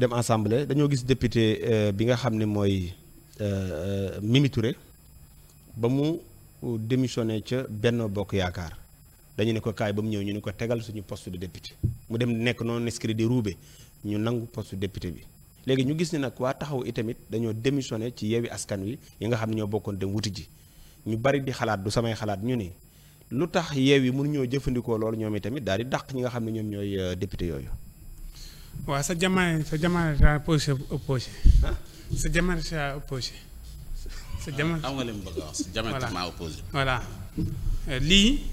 dem assemblée dañoo gis député euh, bi nga xam ne mooy euh, euh, Mimi Touré ba mu démissionné ca benn Bokk Yaakaar dañu ne ko kaay ba mu ñëw ñu ne ko tegal suñu poste de député mu dem nekk noonu inscrit di ruube ñu nangu poste député bi léegi ñu gis ne nag waa taxaw itamit dañoo démissionné ci yeewi askan wi yi nga xam ne ñoo bokkoon dem wuti ji ñu bari di xalaat du samay xalaat ñu ni lu tax yeew yi mënu ñoo jëfandikoo loolu ñoom itamit daal di dàq ñi nga xam ne ñoom ñooy député yooyu waa sa jamono sa jamono daa opposé opposé. sa jamono daa opposé. sa ah, jamono sa jamono maa opposé. voilà euh, lii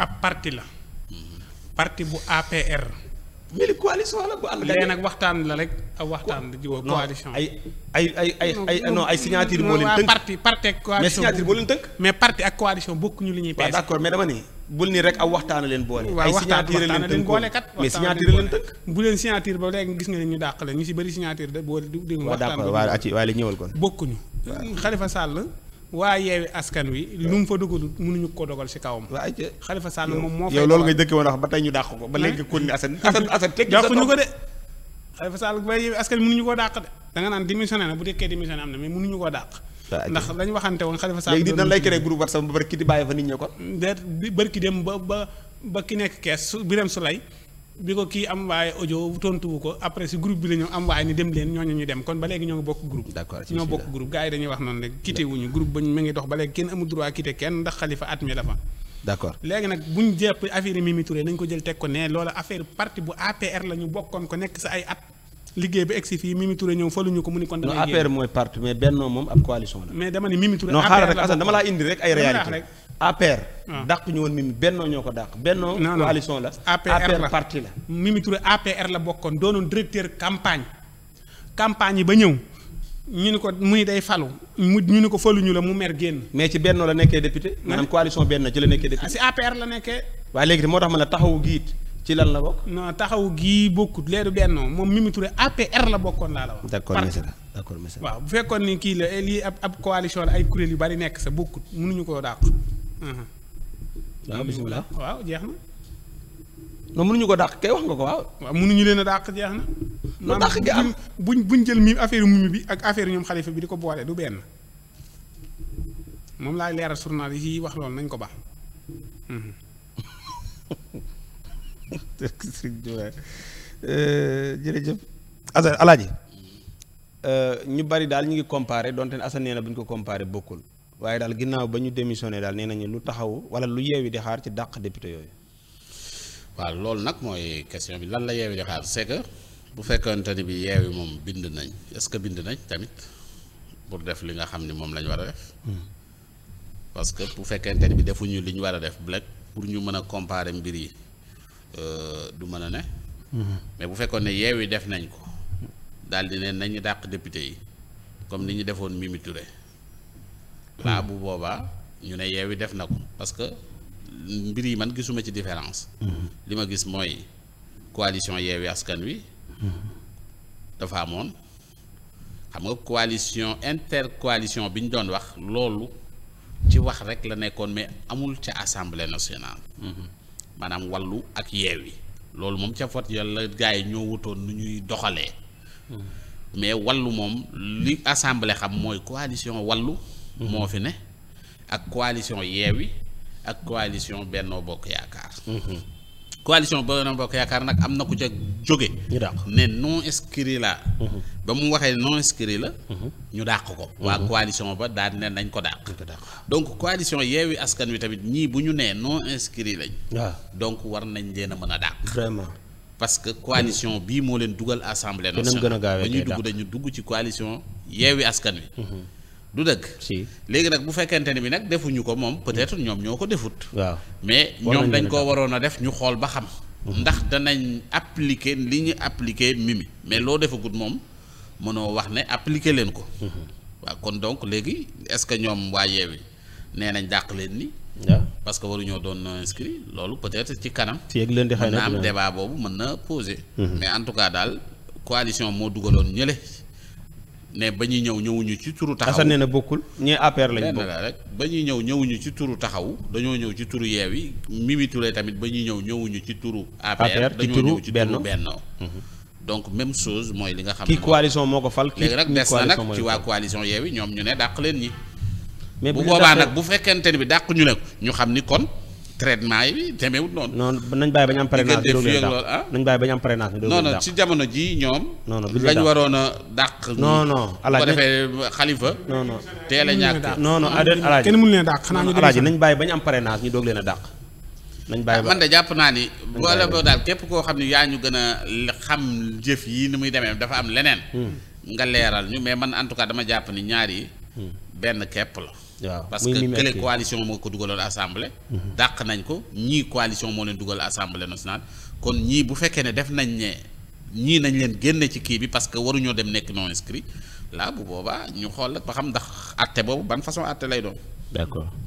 ab parti la. Hmm. parti bu APR. wéli coalition la bu ànd. léegi nag waxtaan la rek ak waxtaan. coalition ay ay ay ay ay non ay signature moo leen tënk. parti parti ak coalition mais signature moo leen tënk. mais parti ak coalition bokkuñu li ñuy. peese bul ni rek aw waxtaana leen boole. ay signature leen tënk boole bu leen signature ba léegi gis nga ne ñu dàq leen ñu si bëri signature de boole. di waxtaan bi waaw d'accord waaye li ñëwal kon. bokkuñu. Khalifa Sall. waa yeewi askan fa dogalut mënuñu ko dogal si kawam. waaw yow loolu ngay dëkk woon wax ba tey ñu dàq ko. ba léegi kon ni Assane. Assane Assane teg ñu ko de. Khalifa Sall waa yeewi askan wi koo dàq de. da naan démissionné na bu dëkkee démissionné am na mais mënuñu koo dàq ndax lañ waxante woon xalifa Sall nekk kees su bi am waaye audio tontuwu ko après ñu ñu dem kon ba léegi ñoo ngi bokk groupe d'accord ñoo bokk groupe gars yi dañuy wax noonu rek quitté wuñu groupe ba mu ngi at mi la fa d'accord léegi nag bu ñu jàpp affaire Mimi Touré ko jël teg ko ne loola affaire parti bu APR la bokkoon ko nekk sa ay at liggéey bi egsi fii Mimi Touré ñëw faluñu ko mu ni kon damay génn non APR mooy parti mais Benno moom ab coalition la. mais dama ni Mimi ah. ko dàq. Benno coalition la. APR parti la Mimi Touré APR la bokkoon doonoon directeur campagne campagne yi ñëw. ñu ni ko mu ni day falu mu ñu ni ko faluñu la mu mer génn. mais ci Benno la nekkee député. maanaam coalition Benno ci la nekkee ah, député. si APR la nekkee. waaye léegi moo tax ma la taxawu giit ci lan la bokk. naa taxaw gii bokkut leeru bennoo moom Mimi Touré APR la bokkoon laa la wax. d'accord monsieur d'accord monsieur waaw bu fekkoon ni kii la lii ab ab coalition la ay kuréel yu bari nekk sa bokkut mënuñu koo dàq. waaw ah, bisimilah waaw jeex na. non mënuñu ko dàq kay wax nga ko waaw. waaw mënuñu leen a dàq jeex na. lu dàq gi am buñ buñ jël mi affaire Mimi bi ak affaire ñoom Xalifa bi di ko boole du benn. moom laay leeral journal yi wax loolu nañ ko baax. jërëjëf Assane Alaaji euh, ñu bari daal ñu ngi comparé donte ne Assane nee na ko comparé bokkul waaye daal ginnaaw ba ñu démissionné daal nee nañu lu taxaw wala lu yeewi di xaar ci dàq député yooyu. waaw loolu nag mooy question bi lan la yeewi di xaar c'est que bu fekkonte ni bi yeewi moom bind nañ est-ce que bind nañ tamit pour def li nga xam ni moom la ñu war a def. Hmm. parce que bu fekkente ni bi defuñu li ñu war a def blek pour ñu mën a comparer mbir yi. Euh, du mën a ne. Mhm. mais bu fekkoon ne yeew yi def nañ ko daal di ne nañu dàq député yi comme ni ñu defoon Mimi Touré. Hmm. laa bu boobaa ñu ne yeewi def na ko parce que mbir yi man gisuma ci différence. Hmm. li ma gis mooy coalition yeewi askan wi. Hmm. dafa amoon xam nga coalition intercoalition bi ñu doon wax loolu ci wax rek la nekkoon mais amul ca assemblée nationale. Mm maanaam wàllu ak yi loolu moom ca fot la gars yi ñoo wutoon nu ñuy doxalee hmm. mais wallu moom li assemblée xam mooy coalition wallu hmm. moo fi ne ak coalition yi ak coalition bennoo bokk yaakaar hmm. coalition Benno Bokk Yaakaar nag am na ku ca jóge ñu dàq ne non inscrit la mhm. ba mu waxee non inscrit la mhm. ñu dàq ko mhm. waa coalition ba daal ne nañ ko dàq donc coalition Yewwi Askan Wi tamit ñii bu ñu nee non inscrit lañ waaw donc war nañ leen a mën a dàq vraiment parce que coalition bii moo leen dugal assemblée nationale ba ñuy dugg dañu dugg ci coalition Yewwi Askan Wi du dëgg. si léegi nag bu fekkente ne bi nag defuñu ko moom peut ñoom ñoo ko defut. waaw mais ñoom dañ koo waroon a def ñu xool ba xam. Mhm. ndax danañ appliquer li ñu appliquer mimi mais loo defagut moom mënoo wax ne appliquer leen ko. Mhm. waaw kon donc léegi est-ce que ñoom waaye Yewwi nee nañ dàq leen nii waaw parce que waruñoo doon non inscrit loolu peut-être ci kanam. ci yëg leen di xëy na am débat boobu mën na poser. Mhm. mais en tout cas daal coalition moo dugaloon ñële. ne ba ñuy ñëw ñëwuñu ci turu taxaw Assane nee na bokkul ñee APR lañ bokk la rek ba ñuy ñëw ñëwuñu ci turu taxaw dañoo ñëw ci turu Yewwi Mimi Touré tamit ba ñuy ñëw ñëwuñu ci turu APR dañoo ñëw ci turu Benno mhm. donc même chose mooy li nga xam ne kii coalition moo ko fal léegi nag des na nag ci waa coalition yi ñoom ñu ne dàq leen ñi bu boobaa nag bu fekkente ni bi dàq ñu ne ñu xam ni kon traitement yi demeewut noonu. non nañ bàyyi ba ñu am parrainage ñu déglu ah nañ bàyyi ba ñu am parrainage non non ci jamono ji ñoom. non non lañ waroon a dàq. non non alaaji bu ko defee xalifa. non non teel a ñàkk. non non alaaji kenn mënu leen a dàq xanaa ñu alaaji nañ bàyyi ba ñu am parrainage ñu doog leen a dàq. nañ bàyyi ba man de jàpp naa ni. wala boo daal képp koo xam ne yaa ñu gën a xam jëf yi ni muy demee dafa am leneen. Hmm. nga leeral ñu mais man en tout cas dama jàpp ni ñaar yi hmm. benn képp la waaw parce que kële coalition moo ko dugaloon assemblée. Mhm. dàq nañ ko ñii coalition moo leen dugal assemblée nationale kon ñii bu fekkee ne def nañ ne ñii nañ leen génn ci kii bi parce que waruñoo dem nekk non inscrit là bu boobaa ñu xool ba xam ndax àtte boobu ban façon àtte lay doon. d'accord.